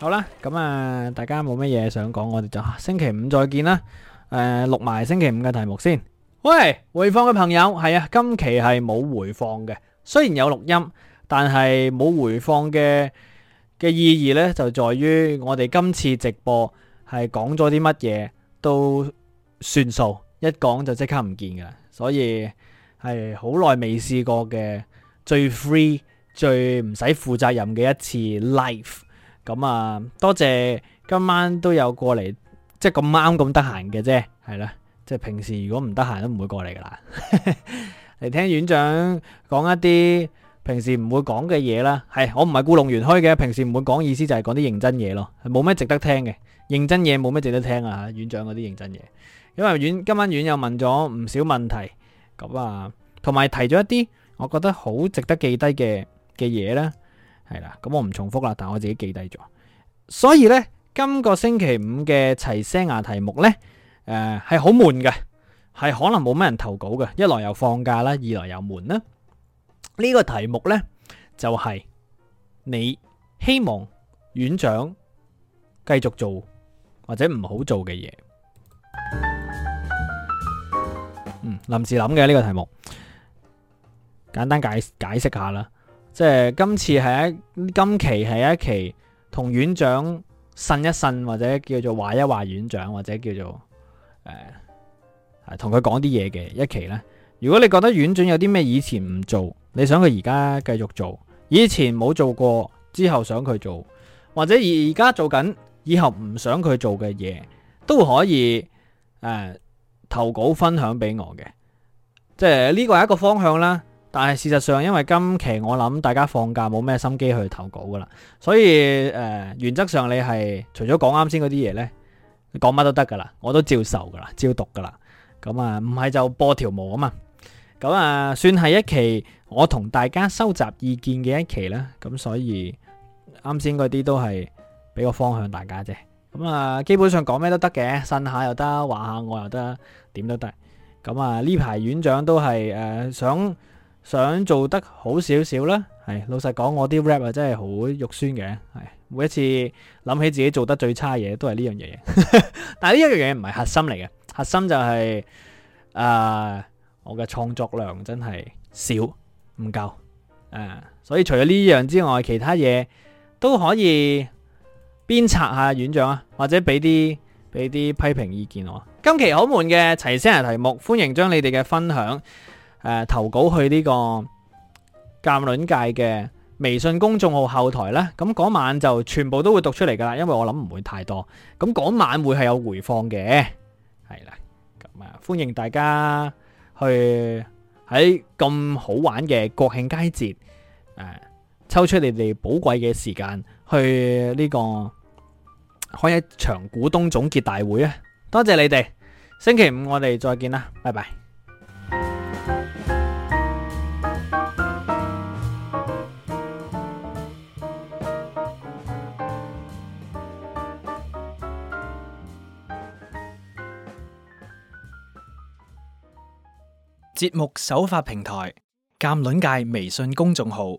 好啦，咁啊，大家冇乜嘢想講，我哋就、啊、下星期五再見啦。誒、呃，錄埋星期五嘅題目先。喂，回放嘅朋友係啊，今期係冇回放嘅，雖然有錄音，但係冇回放嘅嘅意義呢，就在於我哋今次直播係講咗啲乜嘢都算數，一講就即刻唔見噶啦，所以係好耐未試過嘅最 free、最唔使負責任嘅一次 live。咁啊，多謝今晚都有過嚟，即係咁啱咁得閒嘅啫，係啦。即係平時如果唔得閒都唔會過嚟噶啦，嚟聽院長講一啲平時唔會講嘅嘢啦。係我唔係故弄玄虛嘅，平時唔會講，意思就係講啲認真嘢咯，冇咩值得聽嘅，認真嘢冇咩值得聽啊吓，院長嗰啲認真嘢。因為院今晚院又問咗唔少問題，咁啊，同埋提咗一啲我覺得好值得記低嘅嘅嘢咧。係啦，咁我唔重複啦，但我自己記低咗。所以呢，今個星期五嘅齊聲牙題目呢，誒係好悶嘅，係可能冇乜人投稿嘅。一來又放假啦，二來又悶啦。呢、這個題目呢，就係、是、你希望院長繼續做或者唔好做嘅嘢。嗯，臨時諗嘅呢個題目，簡單解解釋下啦。即係今次係一今期係一期同院長呻一呻，或者叫做話一話院長，或者叫做誒同佢講啲嘢嘅，一期呢。如果你覺得院長有啲咩以前唔做，你想佢而家繼續做，以前冇做過，之後想佢做，或者而家做緊以後唔想佢做嘅嘢，都可以誒、呃、投稿分享俾我嘅。即係呢個係一個方向啦。但係事實上，因為今期我諗大家放假冇咩心機去投稿噶啦，所以誒、呃、原則上你係除咗講啱先嗰啲嘢咧，講乜都得噶啦，我都照受噶啦，照讀噶啦。咁啊，唔係就播條毛啊嘛。咁啊，算係一期我同大家收集意見嘅一期咧。咁所以啱先嗰啲都係俾個方向大家啫。咁啊，基本上講咩都得嘅，呻下又得，話下我又得，點都得。咁啊呢排院長都係誒、呃、想。想做得好少少啦，係老實講，我啲 rap 啊真係好肉酸嘅，係每一次諗起自己做得最差嘢，都係呢樣嘢， 但係呢一樣嘢唔係核心嚟嘅，核心就係、是、誒、呃、我嘅創作量真係少唔夠，誒、呃、所以除咗呢樣之外，其他嘢都可以鞭策下院長啊，或者俾啲俾啲批評意見我。今期好悶嘅齊聲人題目，歡迎將你哋嘅分享，誒、啊、投稿去呢個鑑論界嘅微信公眾號後台啦。咁嗰晚就全部都會讀出嚟噶啦，因為我諗唔會太多。咁嗰晚會係有回放嘅，係啦，咁啊歡迎大家去喺咁好玩嘅國慶佳節、啊、抽出你哋寶貴嘅時間去呢個開一場股東總結大會啊！多謝你哋，星期五我哋再見啦，拜拜。節目首發平台：鑑論界微信公眾號。